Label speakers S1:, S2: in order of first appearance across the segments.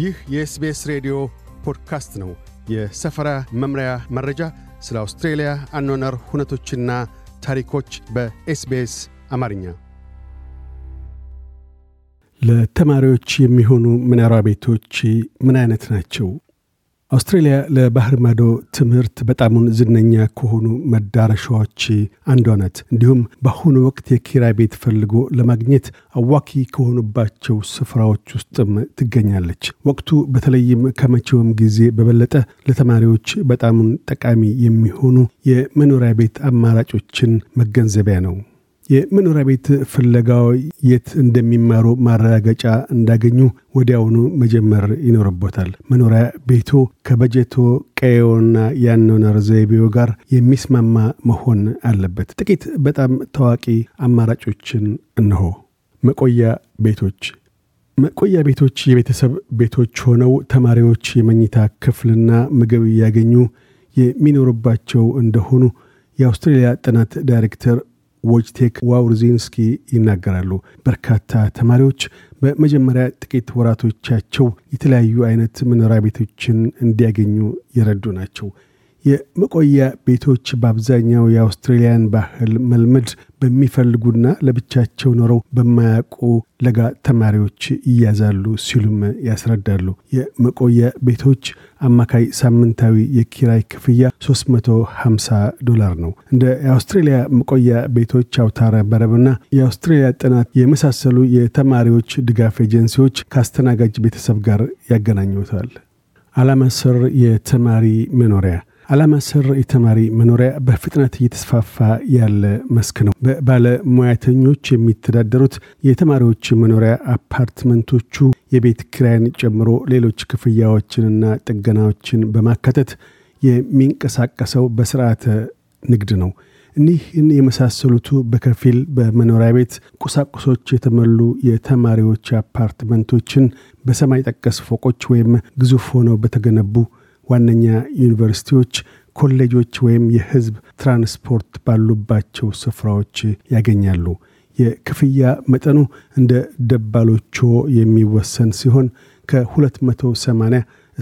S1: ይህ የኤስቤስ ሬዲዮ ፖድካስት ነው። የሰፈራ መምሪያ መረጃ፣ ስለ አውስትሬልያ አኗነር ሁነቶችና ታሪኮች በኤስቤስ አማርኛ። ለተማሪዎች የሚሆኑ ምናራ ቤቶች ምን አይነት ናቸው? አውስትራሊያ ለባህር ማዶ ትምህርት በጣሙን ዝነኛ ከሆኑ መዳረሻዎች አንዷ ናት። እንዲሁም በአሁኑ ወቅት የኪራይ ቤት ፈልጎ ለማግኘት አዋኪ ከሆኑባቸው ስፍራዎች ውስጥም ትገኛለች። ወቅቱ በተለይም ከመቼውም ጊዜ በበለጠ ለተማሪዎች በጣሙን ጠቃሚ የሚሆኑ የመኖሪያ ቤት አማራጮችን መገንዘቢያ ነው። የመኖሪያ ቤት ፍለጋው የት እንደሚማሩ ማረጋገጫ እንዳገኙ ወዲያውኑ መጀመር ይኖርቦታል። መኖሪያ ቤቶ ከበጀቶ፣ ቀየውና የአኗኗር ዘይቤው ጋር የሚስማማ መሆን አለበት። ጥቂት በጣም ታዋቂ አማራጮችን እንሆ። መቆያ ቤቶች መቆያ ቤቶች የቤተሰብ ቤቶች ሆነው ተማሪዎች የመኝታ ክፍልና ምግብ እያገኙ የሚኖሩባቸው እንደሆኑ የአውስትሬልያ ጥናት ዳይሬክተር ዎጅቴክ ዋውርዚንስኪ ይናገራሉ። በርካታ ተማሪዎች በመጀመሪያ ጥቂት ወራቶቻቸው የተለያዩ አይነት መኖሪያ ቤቶችን እንዲያገኙ የረዱ ናቸው። የመቆያ ቤቶች በአብዛኛው የአውስትሬልያን ባህል መልመድ በሚፈልጉና ለብቻቸው ኖረው በማያውቁ ለጋ ተማሪዎች ይያዛሉ ሲሉም ያስረዳሉ። የመቆያ ቤቶች አማካይ ሳምንታዊ የኪራይ ክፍያ 350 ዶላር ነው። እንደ የአውስትሬልያ መቆያ ቤቶች አውታረ በረብና የአውስትሬልያ ጥናት የመሳሰሉ የተማሪዎች ድጋፍ ኤጀንሲዎች ከአስተናጋጅ ቤተሰብ ጋር ያገናኙታል። አላማ ስር የተማሪ መኖሪያ ዓላማ ስር የተማሪ መኖሪያ በፍጥነት እየተስፋፋ ያለ መስክ ነው። በባለሙያተኞች የሚተዳደሩት የተማሪዎች መኖሪያ አፓርትመንቶቹ የቤት ክራያን ጨምሮ ሌሎች ክፍያዎችንና ጥገናዎችን በማካተት የሚንቀሳቀሰው በስርዓተ ንግድ ነው። እኒህን የመሳሰሉቱ በከፊል በመኖሪያ ቤት ቁሳቁሶች የተሞሉ የተማሪዎች አፓርትመንቶችን በሰማይ ጠቀስ ፎቆች ወይም ግዙፍ ሆነው በተገነቡ ዋነኛ ዩኒቨርሲቲዎች፣ ኮሌጆች ወይም የህዝብ ትራንስፖርት ባሉባቸው ስፍራዎች ያገኛሉ። የክፍያ መጠኑ እንደ ደባሎቾ የሚወሰን ሲሆን ከ280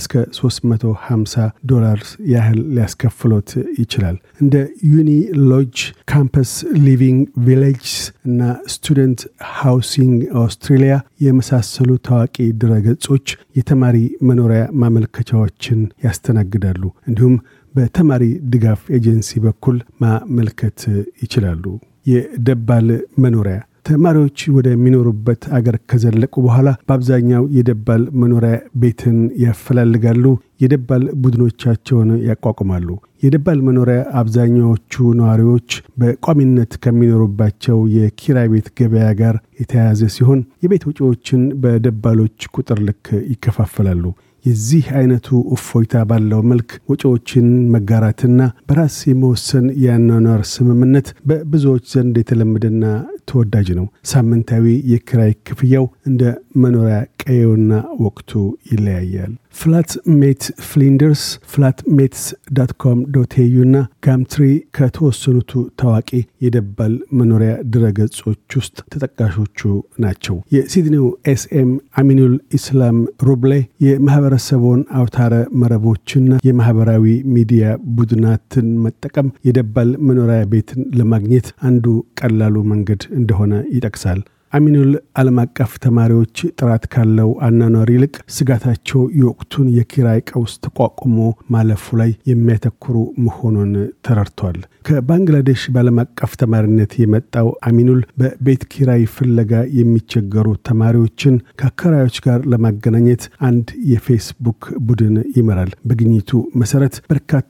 S1: እስከ 350 ዶላር ያህል ሊያስከፍሎት ይችላል። እንደ ዩኒ ሎጅ፣ ካምፐስ ሊቪንግ ቪሌጅ እና ስቱደንት ሃውሲንግ አውስትሬሊያ የመሳሰሉ ታዋቂ ድረገጾች የተማሪ መኖሪያ ማመልከቻዎችን ያስተናግዳሉ። እንዲሁም በተማሪ ድጋፍ ኤጀንሲ በኩል ማመልከት ይችላሉ። የደባል መኖሪያ ተማሪዎች ወደሚኖሩበት አገር ከዘለቁ በኋላ በአብዛኛው የደባል መኖሪያ ቤትን ያፈላልጋሉ፣ የደባል ቡድኖቻቸውን ያቋቁማሉ። የደባል መኖሪያ አብዛኛዎቹ ነዋሪዎች በቋሚነት ከሚኖሩባቸው የኪራይ ቤት ገበያ ጋር የተያያዘ ሲሆን የቤት ውጪዎችን በደባሎች ቁጥር ልክ ይከፋፈላሉ። የዚህ አይነቱ እፎይታ ባለው መልክ ወጪዎችን መጋራትና በራስ የመወሰን የአኗኗር ስምምነት በብዙዎች ዘንድ የተለመደና ተወዳጅ ነው። ሳምንታዊ የክራይ ክፍያው እንደ መኖሪያ ቀየውና ወቅቱ ይለያያል። ፍላት ሜት ፍሊንደርስ ፍላት ሜትስ ዳት ኮም ዶት ኤዩ ና ጋምትሪ ከተወሰኑቱ ታዋቂ የደባል መኖሪያ ድረገጾች ውስጥ ተጠቃሾቹ ናቸው። የሲድኒው ኤስኤም አሚኑል ኢስላም ሩብሌ የማህበረሰቡን አውታረ መረቦችና የማህበራዊ ሚዲያ ቡድናትን መጠቀም የደባል መኖሪያ ቤትን ለማግኘት አንዱ ቀላሉ መንገድ እንደሆነ ይጠቅሳል። አሚኑል ዓለም አቀፍ ተማሪዎች ጥራት ካለው አናኗር ይልቅ ስጋታቸው የወቅቱን የኪራይ ቀውስ ተቋቁሞ ማለፉ ላይ የሚያተኩሩ መሆኑን ተረድቷል። ከባንግላዴሽ በዓለም አቀፍ ተማሪነት የመጣው አሚኑል በቤት ኪራይ ፍለጋ የሚቸገሩ ተማሪዎችን ከአከራዮች ጋር ለማገናኘት አንድ የፌስቡክ ቡድን ይመራል። በግኝቱ መሰረት በርካታ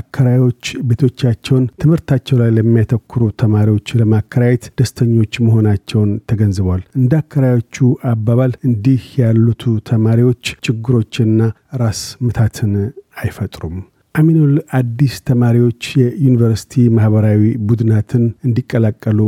S1: አከራዮች ቤቶቻቸውን ትምህርታቸው ላይ ለሚያተኩሩ ተማሪዎች ለማከራየት ደስተኞች መሆናቸውን ተገንዝቧል። እንደ አከራዮቹ አባባል እንዲህ ያሉቱ ተማሪዎች ችግሮችና ራስ ምታትን አይፈጥሩም። አሚኑል አዲስ ተማሪዎች የዩኒቨርሲቲ ማህበራዊ ቡድናትን እንዲቀላቀሉ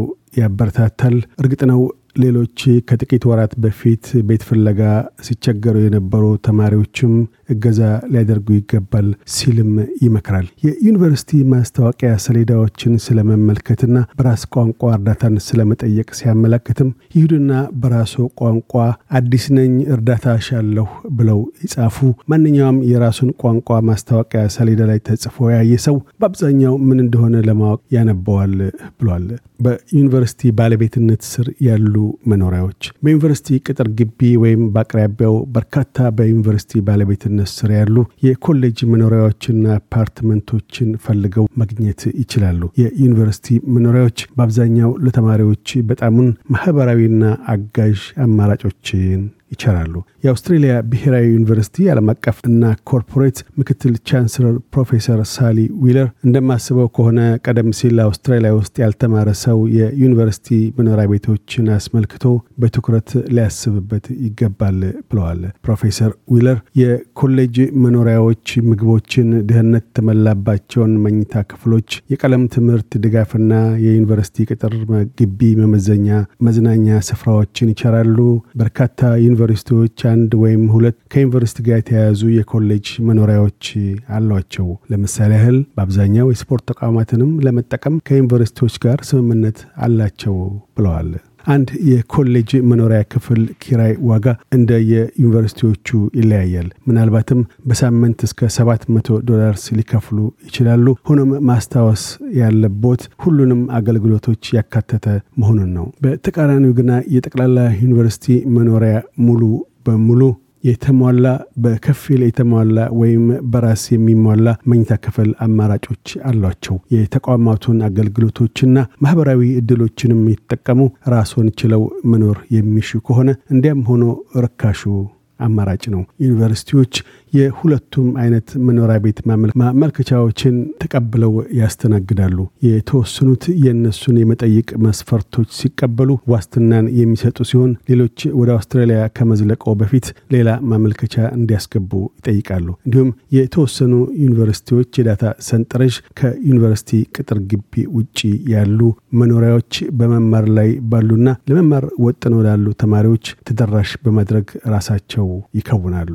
S1: ያበረታታል። እርግጥ ነው ሌሎች ከጥቂት ወራት በፊት ቤት ፍለጋ ሲቸገሩ የነበሩ ተማሪዎችም እገዛ ሊያደርጉ ይገባል ሲልም ይመክራል። የዩኒቨርሲቲ ማስታወቂያ ሰሌዳዎችን ስለመመልከትና በራስ ቋንቋ እርዳታን ስለመጠየቅ ሲያመለክትም ይሁድና በራሱ ቋንቋ አዲስ ነኝ እርዳታ ሻለሁ ብለው ይጻፉ። ማንኛውም የራሱን ቋንቋ ማስታወቂያ ሰሌዳ ላይ ተጽፎ ያየ ሰው በአብዛኛው ምን እንደሆነ ለማወቅ ያነበዋል ብሏል። በዩኒቨርሲቲ ባለቤትነት ስር ያሉ መኖሪያዎች በዩኒቨርሲቲ ቅጥር ግቢ ወይም በአቅራቢያው በርካታ በዩኒቨርሲቲ ባለቤትነት ስር ያሉ የኮሌጅ መኖሪያዎችና አፓርትመንቶችን ፈልገው ማግኘት ይችላሉ። የዩኒቨርሲቲ መኖሪያዎች በአብዛኛው ለተማሪዎች በጣሙን ማህበራዊና አጋዥ አማራጮችን ይቻላሉ። የአውስትሬሊያ ብሔራዊ ዩኒቨርሲቲ ዓለም አቀፍ እና ኮርፖሬት ምክትል ቻንስለር ፕሮፌሰር ሳሊ ዊለር እንደማስበው ከሆነ ቀደም ሲል አውስትራሊያ ውስጥ ያልተማረ ሰው የዩኒቨርሲቲ መኖሪያ ቤቶችን አስመልክቶ በትኩረት ሊያስብበት ይገባል ብለዋል። ፕሮፌሰር ዊለር የኮሌጅ መኖሪያዎች ምግቦችን፣ ድህነት የተሞላባቸውን መኝታ ክፍሎች፣ የቀለም ትምህርት ድጋፍና የዩኒቨርሲቲ ቅጥር ግቢ መመዘኛ መዝናኛ ስፍራዎችን ይቸራሉ በርካታ ዩኒቨርሲቲዎች አንድ ወይም ሁለት ከዩኒቨርሲቲ ጋር የተያያዙ የኮሌጅ መኖሪያዎች አሏቸው። ለምሳሌ ያህል በአብዛኛው የስፖርት ተቋማትንም ለመጠቀም ከዩኒቨርሲቲዎች ጋር ስምምነት አላቸው ብለዋል። አንድ የኮሌጅ መኖሪያ ክፍል ኪራይ ዋጋ እንደ የዩኒቨርሲቲዎቹ ይለያያል። ምናልባትም በሳምንት እስከ 700 ዶላርስ ሊከፍሉ ይችላሉ። ሆኖም ማስታወስ ያለቦት ሁሉንም አገልግሎቶች ያካተተ መሆኑን ነው። በተቃራኒው ግና የጠቅላላ ዩኒቨርሲቲ መኖሪያ ሙሉ በሙሉ የተሟላ በከፊል የተሟላ ወይም በራስ የሚሟላ መኝታ ክፍል አማራጮች አሏቸው። የተቋማቱን አገልግሎቶችና ማህበራዊ እድሎችንም የተጠቀሙ ራስን ችለው መኖር የሚሹ ከሆነ እንዲያም ሆኖ ርካሹ አማራጭ ነው። ዩኒቨርሲቲዎች የሁለቱም አይነት መኖሪያ ቤት ማመልከቻዎችን ተቀብለው ያስተናግዳሉ። የተወሰኑት የእነሱን የመጠይቅ መስፈርቶች ሲቀበሉ ዋስትናን የሚሰጡ ሲሆን፣ ሌሎች ወደ አውስትራሊያ ከመዝለቀው በፊት ሌላ ማመልከቻ እንዲያስገቡ ይጠይቃሉ። እንዲሁም የተወሰኑ ዩኒቨርሲቲዎች የዳታ ሰንጠረዥ ከዩኒቨርሲቲ ቅጥር ግቢ ውጭ ያሉ መኖሪያዎች በመማር ላይ ባሉና ለመማር ወጥነው ላሉ ተማሪዎች ተደራሽ በማድረግ ራሳቸው ይከውናሉ።